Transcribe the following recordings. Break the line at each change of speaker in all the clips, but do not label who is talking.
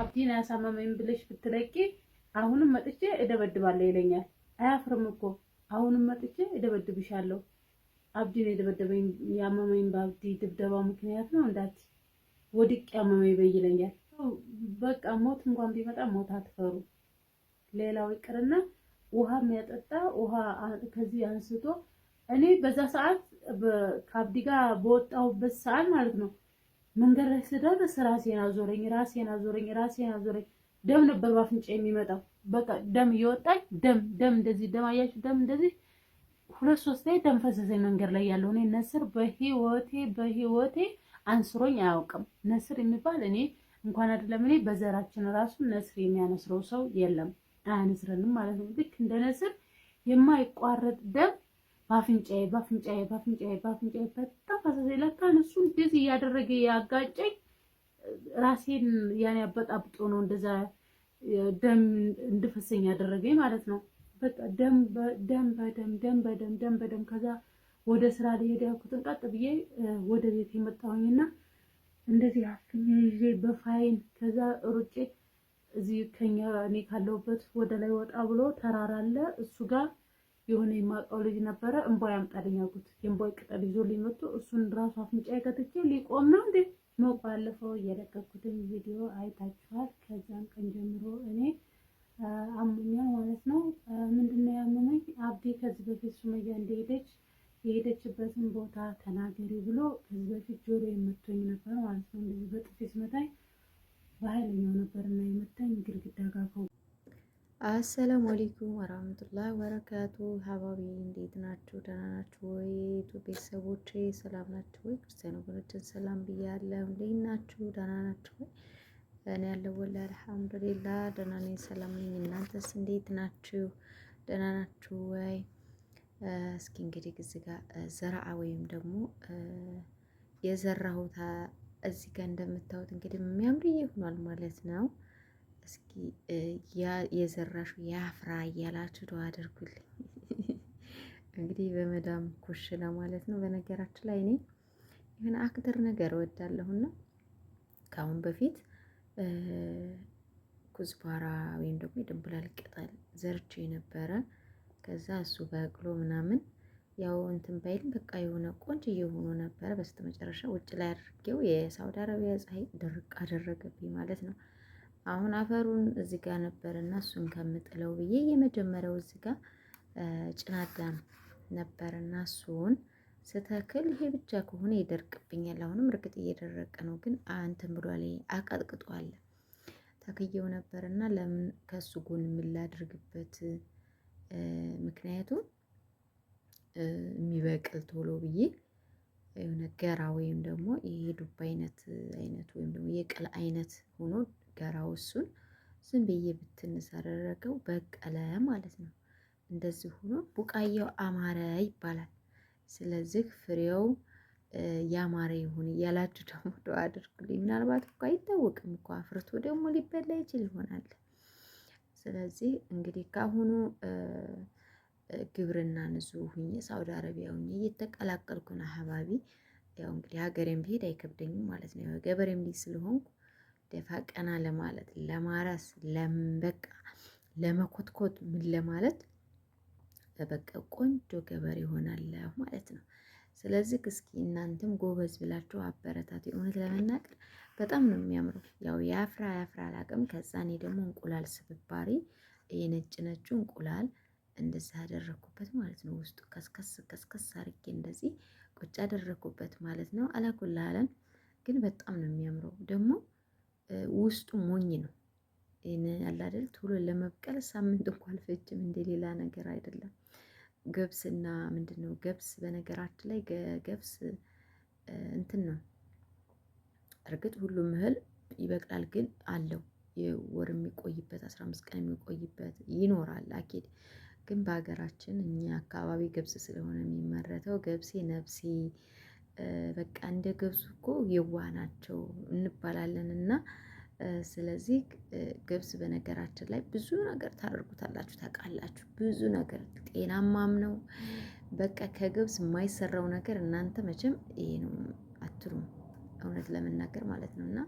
አብዲን አያሳመመኝ ብለሽ ብትለቂ አሁንም መጥቼ እደበድባለሁ ይለኛል። አያፍርም እኮ አሁንም መጥቼ እደበድብሻለሁ። አብዲን የደበደበኝ ያመመኝ በአብዲ ድብደባ ምክንያት ነው እንዳት ወድቅ ያመመኝ በይ ይለኛል። በቃ ሞት እንኳን ቢመጣ ሞት አትፈሩ። ሌላው ይቅርና ውሃ የሚያጠጣ ውሃ ከዚህ አንስቶ እኔ በዛ ሰዓት ከአብዲ ጋር በወጣሁበት ሰዓት ማለት ነው መንገድ ላይ ስደርስ ራሴን አዞረኝ፣ ራሴን አዞረኝ፣ ራሴን አዞረኝ። ደም ነበር ባፍንጫ የሚመጣው። በቃ ደም እየወጣኝ ደም ደም እንደዚህ ደም አያችሁ፣ ደም እንደዚህ ሁለት ሶስት ላይ ደም ፈሰሰኝ መንገድ ላይ ያለው። እኔ ነስር በህይወቴ በህይወቴ አንስሮኝ አያውቅም። ነስር የሚባል እኔ እንኳን አይደለም እኔ በዘራችን ራሱ ነስር የሚያነስረው ሰው የለም፣ አያነስረንም ማለት ነው። ልክ እንደ ነስር የማይቋረጥ ደም በአፍንጫዬ በአፍንጫዬ በአፍንጫዬ በአፍንጫዬ በጣም ፈሰሰ ይላታል። እሱ እንደዚህ እያደረገ ያጋጨኝ ራሴን ያን አበጣብጦ ነው እንደዛ ደም እንድፈሰኝ ያደረገኝ ማለት ነው። በቃ ደም በደም ደም በደም ደም በደም ከዛ ወደ ስራ ሊሄድ ያልኩትን ቀጥ ብዬ ወደ ቤት የመጣሁኝና እንደዚህ አፍኝ ይዤ በፋይን ከዛ ሩጬ እዚህ ከኛ እኔ ካለሁበት ወደ ላይ ወጣ ብሎ ተራራ አለ እሱ ጋር የሆነ የማውቀው ልጅ ነበረ እንቧይ አምጣልኝ አልኩት። የእንቧይ ቅጠል ይዞልኝ መጥቶ እሱን ራሱ አፍንጫ የከትቼ ሊቆም ነው እንዴ ነው። ባለፈው የለቀኩትን ቪዲዮ አይታችኋል። ከዚያም ቀን ጀምሮ እኔ አሞኛል ማለት ነው። ምንድነው ያመመኝ? አብዴ ከዚህ በፊት ሱመያ እንደሄደች የሄደችበትን ቦታ ተናገሪ ብሎ ከዚህ በፊት ጆሮ የመቶኝ ነበር ማለት ነው። እንደዚህ በጥፊ ሲመታኝ በኃይለኛው ነበርና የመታኝ ግድግዳ ጋር
አሰላሙ አሌይኩም ወራህመቱላህ ወበረካቱ። ሀባቢ እንዴት ናችሁ? ደህና ናችሁ ወይ? ዩቱብ ቤተሰቦቼ ሰላም ናችሁ ወይ? ክርስቲያን ወገኖችን ሰላም ብያለሁ። እንዴት ናችሁ? ደህና ናችሁ ወይ? እኔ ያለው ወላሂ አልሐምዱሊላህ ደህና ነኝ፣ ሰላም ነኝ። እናንተስ እንዴት ናችሁ? ደህና ናችሁ ወይ? እስኪ እንግዲህ እዚህ ጋር ዘርአ ወይም ደግሞ የዘራሁት እዚህ ጋር እንደምታዩት እንግዲህ የሚያምርዬ ይሆናል ማለት ነው። እስኪ የዘራሹ ያፍራ እያላችሁ ዶ አድርጉልኝ። እንግዲህ በመዳም ኩሽና ማለት ነው። በነገራችን ላይ እኔ የሆነ አክተር ነገር እወዳለሁና ከአሁን በፊት ኩዝባራ ወይም ደግሞ የድንብላል ቅጠል ዘርቼ ነበረ። ከዛ እሱ በቅሎ ምናምን ያው እንትን ባይልም በቃ የሆነ ቆንጆ እየሆኑ ነበረ። በስተመጨረሻ ውጭ ላይ አድርጌው የሳውዲ አረቢያ ፀሐይ ድርቅ አደረገብኝ ማለት ነው። አሁን አፈሩን እዚህ ጋር ነበር እና እሱን ከምጥለው ብዬ የመጀመሪያው እዚህ ጋር ጭናዳም ነበር እና እሱን ስተክል ይሄ ብቻ ከሆነ ይደርቅብኛል። አሁንም እርግጥ እየደረቀ ነው፣ ግን እንትን ብሎ ላይ አቀጥቅጧል። ተክየው ነበር እና ለምን ከሱ ጎን የምላድርግበት ምክንያቱም የሚበቅል ቶሎ ብዬ የሆነ ገራ ወይም ደግሞ ይሄ ዱባ አይነት አይነት ወይም ደግሞ የቅል አይነት ሆኖ ገራው እሱን ዝም ብዬ ብትንሰረረገው በቀለ ማለት ነው። እንደዚህ ሆኖ ቡቃያው አማረ ይባላል። ስለዚህ ፍሬው ያማረ ይሁን እያላችሁ ደግሞ ዱዓ አድርጉልኝ። ምናልባት እኮ አይታወቅም እኮ አፍርቶ ደግሞ ሊበላ ይችል ይሆናል። ስለዚህ እንግዲህ ከአሁኑ ግብርና ንጹህ ሁኜ ሳውዲ አረቢያ ሁኜ እየተቀላቀልኩን አህባቢ ያው እንግዲህ ሀገሬም ብሄድ አይከብደኝም ማለት ነው። ገበሬም ልጅ ስለሆንኩ ደፋ ቀና ለማለት ለማረስ፣ ለበቃ ለመኮትኮት ምን ለማለት በበቃ ቆንጆ ገበሬ ይሆናለሁ ማለት ነው። ስለዚህ እስኪ እናንተም ጎበዝ ብላችሁ አበረታት። እውነት ለመናገር በጣም ነው የሚያምረው። ያው የአፍራ የአፍራ አላቅም። ከዛ እኔ ደግሞ እንቁላል ስብባሪ ይሄ ነጭ ነጩ እንቁላል እንደዚህ አደረኩበት ማለት ነው። ውስጡ ከስከስ ከስከስ አርጌ እንደዚህ ቁጭ አደረኩበት ማለት ነው። አላኩላለን ግን በጣም ነው የሚያምረው ደግሞ ውስጡ ሞኝ ነው። ይህን ያላደል ቶሎ ለመብቀል ሳምንት እንኳ አልፈጅም። እንደ ሌላ ነገር አይደለም። ገብስና ምንድን ነው ገብስ፣ በነገራችን ላይ ገብስ እንትን ነው። እርግጥ ሁሉም እህል ይበቅላል፣ ግን አለው የወር የሚቆይበት አስራ አምስት ቀን የሚቆይበት ይኖራል። አኬድ ግን በሀገራችን እኛ አካባቢ ገብስ ስለሆነ የሚመረተው ገብሴ ነብሴ በቃ እንደ ገብስ እኮ የዋ ናቸው እንባላለን እና ስለዚህ ገብስ በነገራችን ላይ ብዙ ነገር ታደርጉታላችሁ ታውቃላችሁ። ብዙ ነገር ጤናማም ነው። በቃ ከገብስ የማይሰራው ነገር እናንተ መቼም ይሄ ነው አትሉም፣ እውነት ለመናገር ማለት ነው። እና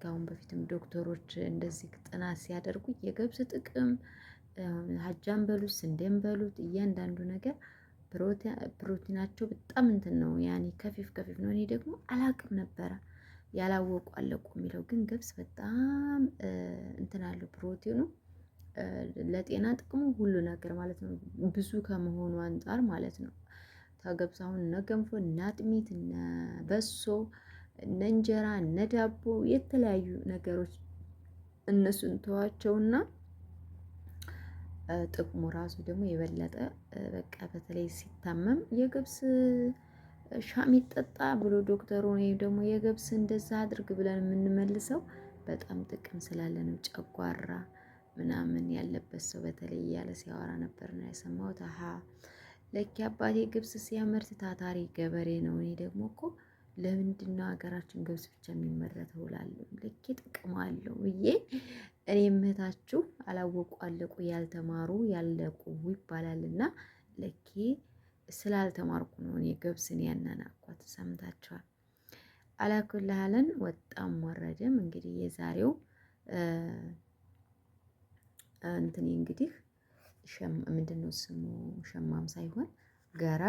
ከአሁን በፊትም ዶክተሮች እንደዚህ ጥናት ሲያደርጉ የገብስ ጥቅም ሀጃን በሉት ስንዴን በሉት እያንዳንዱ ነገር ፕሮቲናቸው በጣም እንትን ነው ያኔ ከፊፍ ከፊፍ ነው። እኔ ደግሞ አላቅም ነበረ ያላወቁ አለቁ የሚለው ግን ገብስ በጣም እንትን አለው ፕሮቲኑ ለጤና ጥቅሙ ሁሉ ነገር ማለት ነው። ብዙ ከመሆኑ አንጻር ማለት ነው። ተገብስ አሁን እነ ገንፎ እነ አጥሚት እነ በሶ እነ እንጀራ እነ ዳቦ የተለያዩ ነገሮች እነሱን ተዋቸውና ጥቅሙ ራሱ ደግሞ የበለጠ በቃ በተለይ ሲታመም የገብስ ሻሚ ጠጣ ብሎ ዶክተሩ ወይም ደግሞ የገብስ እንደዛ አድርግ ብለን የምንመልሰው በጣም ጥቅም ስላለ ነው። ጨጓራ ምናምን ያለበት ሰው በተለይ እያለ ሲያወራ ነበር ነበርና የሰማሁት። አሀ ለኪ አባቴ ግብስ ሲያመርት ታታሪ ገበሬ ነው። እኔ ደግሞ እኮ ለምንድነው ሀገራችን ገብስ ብቻ የሚመረተው? ላለሁ ልኬ ጥቅም አለው ብዬ እኔ እምህታችሁ አላወቁ አለቁ ያልተማሩ ያለቁ ይባላል ይባላልና ለኬ ስላልተማርኩ ነው እኔ ገብስን ያናናኳት። ሰምታችኋል። አላኩልሃለን ወጣም ወረድም እንግዲህ የዛሬው እንትኔ እንግዲህ ምንድን ነው ስሙ ሸማም ሳይሆን ገራ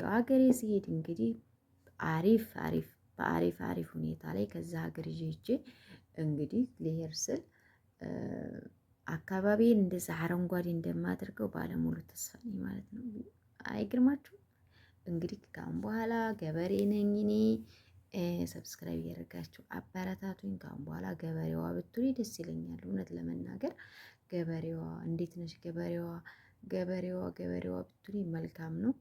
የሀገሬ ሲሄድ እንግዲህ አሪፍ አሪፍ በአሪፍ አሪፍ ሁኔታ ላይ ከዛ ሀገር ይዤ እንግዲህ ልሄድ ስል አካባቢን እንደዛ አረንጓዴ እንደማደርገው ባለሙሉ ተስፋ ነኝ ማለት ነው። አይግርማችሁ እንግዲህ ካሁን በኋላ ገበሬ ነኝ እኔ። ሰብስክራይብ እያደረጋችሁ አበረታቱኝ። ካሁን በኋላ ገበሬዋ ብትሉ ደስ ይለኛል። እውነት ለመናገር ገበሬዋ እንዴት ነች? ገበሬዋ ገበሬዋ ገበሬዋ ብትሉ መልካም ነው።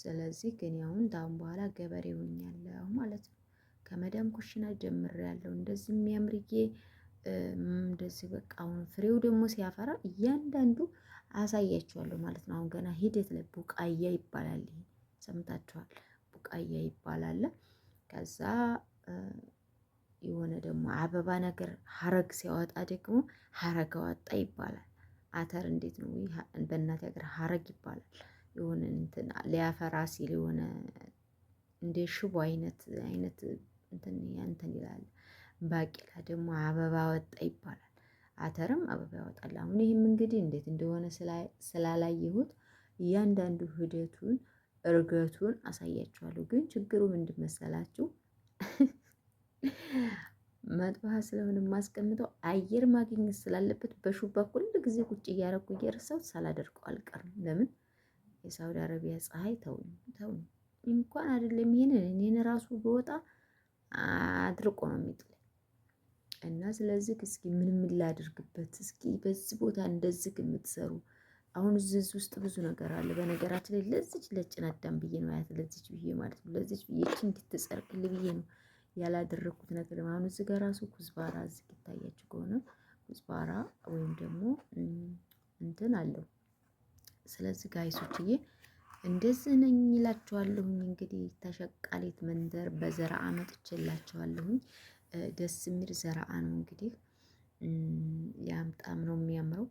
ስለዚህ ግን አሁን ካሁን በኋላ ገበሬ ሆኛለሁ ማለት ነው። ከመደም ኩሽና ጀምሬያለሁ እንደዚህ የሚያምርዬ እንደዚህ በቃ አሁን ፍሬው ደግሞ ሲያፈራ እያንዳንዱ አሳያችኋለሁ ማለት ነው። አሁን ገና ሂደት ላይ ቡቃያ ይባላል። ይሄ ሰምታችኋል፣ ቡቃያ ይባላል። ከዛ የሆነ ደግሞ አበባ ነገር ሀረግ ሲያወጣ ደግሞ ሀረግ አወጣ ይባላል። አተር እንዴት ነው? በእናት ሀገር ሀረግ ይባላል። የሆነ እንትን ሊያፈራ ሲል የሆነ እንደ ሽቦ አይነት አይነት እንትን እንትን ይላል ባቄላ ደግሞ አበባ ወጣ ይባላል። አተርም አበባ ያወጣል። አሁን ይህም እንግዲህ እንዴት እንደሆነ ስላላየሁት እያንዳንዱ ሂደቱን እርገቱን አሳያችኋለሁ። ግን ችግሩ ምንድን መሰላችሁ? መጥፋ ስለሆነ የማስቀምጠው አየር ማግኘት ስላለበት በሹባ ሁል ጊዜ ቁጭ እያረኩ እየረሳው ሳላደርቀው አልቀርም። ለምን የሳውዲ አረቢያ ፀሐይ ተውኝ ተውኝ እንኳን አይደለም ይሄንን እኔን ራሱ በወጣ አድርቆ ነው የሚጥል እና ስለዚህ እስኪ ምን ምን ላድርግበት፣ እስኪ በዚህ ቦታ እንደዚህ የምትሰሩ አሁን እዚህ ውስጥ ብዙ ነገር አለ። በነገራችን ላይ ለዚች ለጭን አዳም ብዬ ነው ያት ለዚች ብዬ ማለት ነው ለዚች ብዬ እንድትጸርቅል ብዬ ነው ያላደረግኩት ነገር። አሁን እዚህ ጋር ራሱ ኩዝባራ እዚህ ይታያችሁ ከሆነ ኩዝባራ ወይም ደግሞ እንትን አለው። ስለዚህ ጋይሶችዬ እንደዚህ ነኝ ይላችኋለሁኝ። እንግዲህ ተሸቃሌት መንደር በዘራ አመጥቼላችኋለሁኝ። ደስ የሚል ዘረአ ነው እንግዲህ ያምጣም ነው የሚያምረው።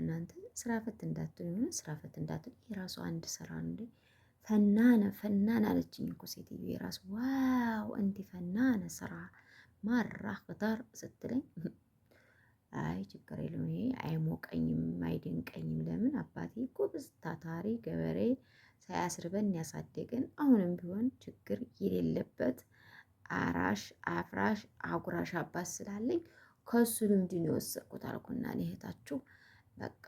እናንተ ስራ ፈት እንዳትሆን የሆነ ስራ ፈት የራሱ አንድ ስራ ነው። ፈናነ ፈናን አለችኝ እኮ ሴትዮ የራሱ ዋው እንዲ ፈናነ ስራ ማራ ክታር ስትለኝ አይ ችግር የለውም ይሄ አይሞቀኝም አይደንቀኝም። ለምን አባቴ ጎበዝ ታታሪ ገበሬ ሳያስርበን ያሳደገን አሁንም ቢሆን ችግር የሌለበት አራሽ አፍራሽ አጉራሽ አባት ስላለኝ ከሱ ልምድ ነው የወሰድኩት አልኩና ሊሄታችሁ በቃ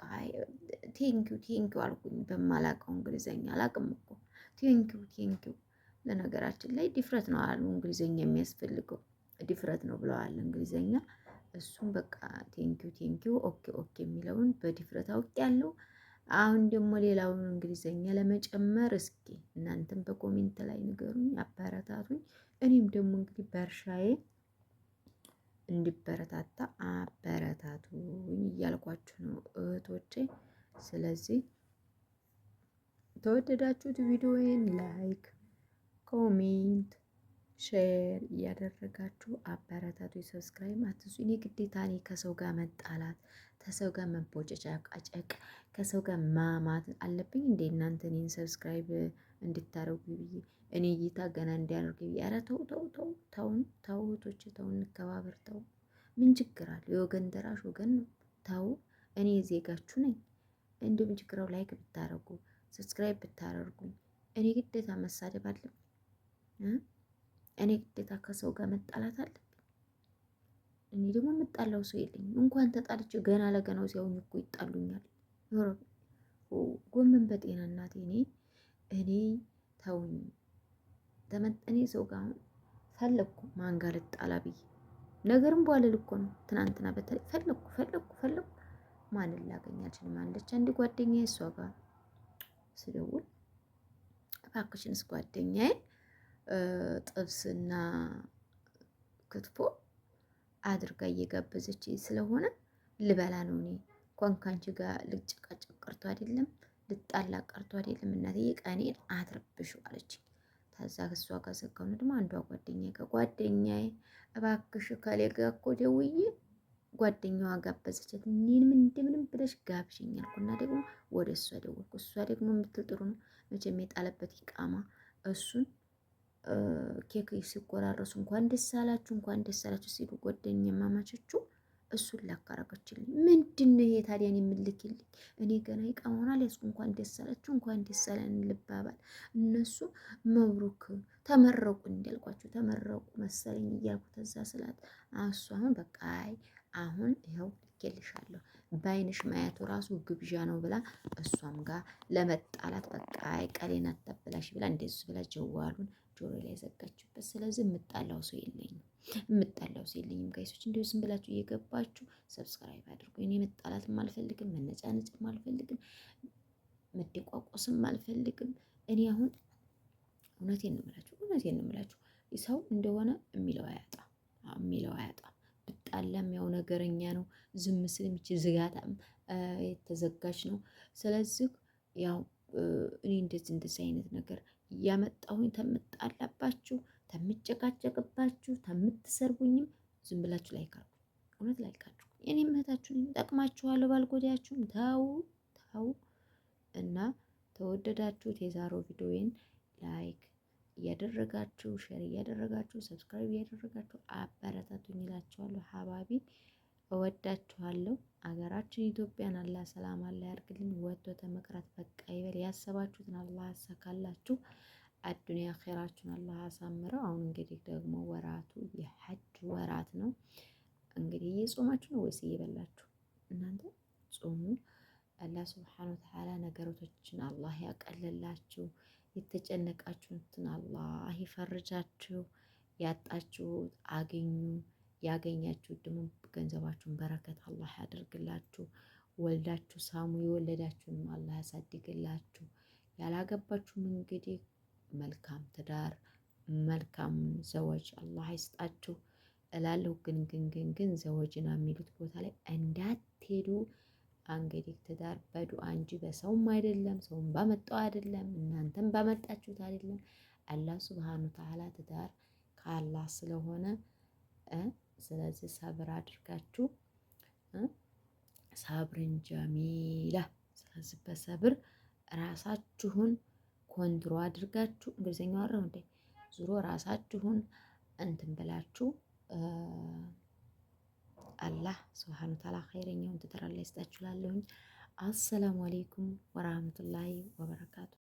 ቴንኪው ቴንኪው አልኩኝ። በማላውቀው እንግሊዘኛ አላውቅም እኮ ቴንኪው ቴንኪው። ለነገራችን ላይ ድፍረት ነው አሉ እንግሊዘኛ የሚያስፈልገው ድፍረት ነው ብለዋል እንግሊዘኛ። እሱም በቃ ቴንኪው ቴንኪው ኦኬ ኦኬ የሚለውን በድፍረት አውቅ ያለው። አሁን ደግሞ ሌላውን እንግሊዘኛ ለመጨመር እስኪ እናንተም በኮሜንት ላይ ንገሩኝ፣ አበረታቱኝ። እኔም ደግሞ እንግዲህ በእርሻዬ እንዲበረታታ አበረታቱኝ እያልኳችሁ ነው እህቶቼ። ስለዚህ ተወደዳችሁት ቪዲዮዬን ላይክ፣ ኮሜንት፣ ሼር እያደረጋችሁ አበረታቱ። ሰብስክራይብ አትሱ። እኔ ግዴታ እኔ ከሰው ጋር መጣላት፣ ከሰው ጋር መቦጨጫቃጨቅ፣ ከሰው ጋር ማማት አለብኝ እንዴ እናንተ እኔን ሰብስክራይብ እንድታደረጉ ብዬ እኔ እይታ ገና እንዲያደርግ ኧረ ተው ተው ተው ተውን ተው እህቶቼ ተው፣ እንከባበር ተው። ምን ችግር አለ? የወገን ደራሽ ወገን ነው። ተው እኔ ዜጋችሁ ነኝ። እንዲሁም ችግረው ላይክ ብታረጉ ሰብስክራይብ ብታደርጉ እኔ ግዴታ መሳደብ አለብኝ? እኔ ግዴታ ከሰው ጋር መጣላት አለብኝ? እኔ ደግሞ የምጣላው ሰው የለኝም። እንኳን ተጣልቼ ገና ለገናው ሲያውኝ እኮ ይጣሉኛል። ጎመን በጤና እናቴ እኔ እኔ ተውኝ። ተመጠኔ ሰው ጋር አሁን ፈለግኩ ማን ጋር ልጣላ ብዬ ነገርም በኋላ ልኮ ነው። ትናንትና በተለይ ፈለግኩ ፈለግኩ ፈለግኩ ማንን ላገኝ አልችልም አለች አንድ ጓደኛ እሷ ጋር ስደውል እባክሽንስ ጓደኛዬ ጥብስና ክትፎ አድርጋ እየጋበዘች ስለሆነ ልበላ ነው። እኔ እንኳን ካንቺ ጋር ልጭቃጭቅ ቀርቶ አይደለም ልጣላ ቀርቶ አይደለም እናትዬ ቀኔን አትረብሹ አለች። ታዛ እሷ ጋር ዘጋሁን። ደግሞ አንዷ ጓደኛ ጋር ጓደኛዬ እባክሽ ከሌ ጋር እኮ ደውዬ ጓደኛዋ ጋበዘቻት። እኔንም እንደምንም ብለሽ ጋብዥኝ አልኩና ደግሞ ወደ እሷ ደወልኩ። እሷ ደግሞ የምትል ጥሩ ነው መቼም የጣለበት ይቃማ እሱን ኬክ ሲቆራረሱ እንኳን ደስ አላችሁ እንኳን ደስ አላችሁ ሲሉ ጓደኛ ማማቾቹ እሱን ላካረገችልኝ ምንድን ነው ይሄ ታዲያ? እኔ የምልክልኝ እኔ ገና ይቃመሆና ሊያስቁ እንኳን ደስ አላችሁ እንኳን ደስ አለን ልባባል። እነሱ መብሩክ ተመረቁ እንዲያልኳቸው ተመረቁ መሰለኝ እያልኩ ከዛ ስላት እሱ አሁን በቃ አይ አሁን ይኸው ልኬልሻለሁ በአይንሽ ማየቱ ራሱ ግብዣ ነው ብላ እሷም ጋር ለመጣላት በቃ አይ ቀሌን አታበላሽ ብላ እንደሱ ብላ ጀዋሉን ጆሮ ላይ ዘጋችበት። ስለዚህ የምጣላው ሰው የለኝም፣ የምጣላው ሰው የለኝም። ጋይሶች እንዲሁ ዝም ብላችሁ እየገባችሁ ሰብስክራይብ አድርጉ። እኔ መጣላትም አልፈልግም፣ መነጫነጭም አልፈልግም፣ መደቋቆስም አልፈልግም። እኔ አሁን እውነቴን ነው የምላችሁ፣ እውነቴን ነው የምላችሁ። ሰው እንደሆነ የሚለው አያጣ የሚለው አያጣ። ብጣላም ያው ነገረኛ ነው። ዝም ስል የሚችል ዝጋታም የተዘጋች ነው። ስለዚህ ያው እኔ እንደዚህ እንደዚህ አይነት ነገር እያመጣሁኝ ተምጣላባችሁ፣ ተምጨቃጨቅባችሁ፣ ተምትሰርቡኝም ዝም ብላችሁ ላይክ አድርጉ። እውነት ላይክ አድርጉ። እኔም እህታችሁን እጠቅማችኋለሁ፣ ባልጎዳያችሁም። ተው ተው እና ተወደዳችሁት የዛሮ ቪዲዮዬን ላይክ እያደረጋችሁ ሼር እያደረጋችሁ ሰብስክራይብ እያደረጋችሁ አበረታቱኝ እላችኋለሁ። ሀባቢ እወዳችኋለሁ። አገራችን ኢትዮጵያን አላህ ሰላም አላህ ያርግልን። ወጥቶ ተመቅረት በቃ ይበል። ያሰባችሁትን አላህ ያሳካላችሁ። አዱንያ ኸይራችሁን አላህ አሳምረው። አሁን እንግዲህ ደግሞ ወራቱ የሐጅ ወራት ነው። እንግዲህ እየጾማችሁ ነው ወይስ እየበላችሁ? እናንተ ጾሙ። አላህ ስብሓን ወተዓላ ነገሮቶችን አላህ ያቀልላችሁ። የተጨነቃችሁትን አላህ ይፈርጃችሁ። ያጣችሁት አገኙ። ያገኛችሁ ደግሞ ገንዘባችሁን በረከት አላህ ያደርግላችሁ። ወልዳችሁ ሳሙ፣ የወለዳችሁንም አላህ ያሳድግላችሁ። ያላገባችሁም እንግዲህ መልካም ትዳር መልካም ዘወጅ አላህ ይስጣችሁ እላለሁ። ግን ግን ግን ግን ዘወጅ ዘወጅና የሚሉት ቦታ ላይ እንዳትሄዱ። እንግዲህ ትዳር በዱዓ እንጂ በሰውም አይደለም፣ ሰውም ባመጣው አይደለም፣ እናንተም ባመጣችሁት አይደለም። አላህ ሱብሃነሁ ተዓላ ትዳር ከአላህ ስለሆነ ስለዚህ ሰብር አድርጋችሁ ሳብርን ጀሚላ ስለዚህ በሰብር ራሳችሁን ኮንትሮ አድርጋችሁ እንግሊዝኛው አረው እንዴ ዙሮ ራሳችሁን እንትን ብላችሁ አላህ ስብሓን ታላ ኸይረኛውን ትተራ ላይ ይስጣችሁላለሁኝ። አሰላሙ አሌይኩም ወራህመቱላሂ ወበረካቱ።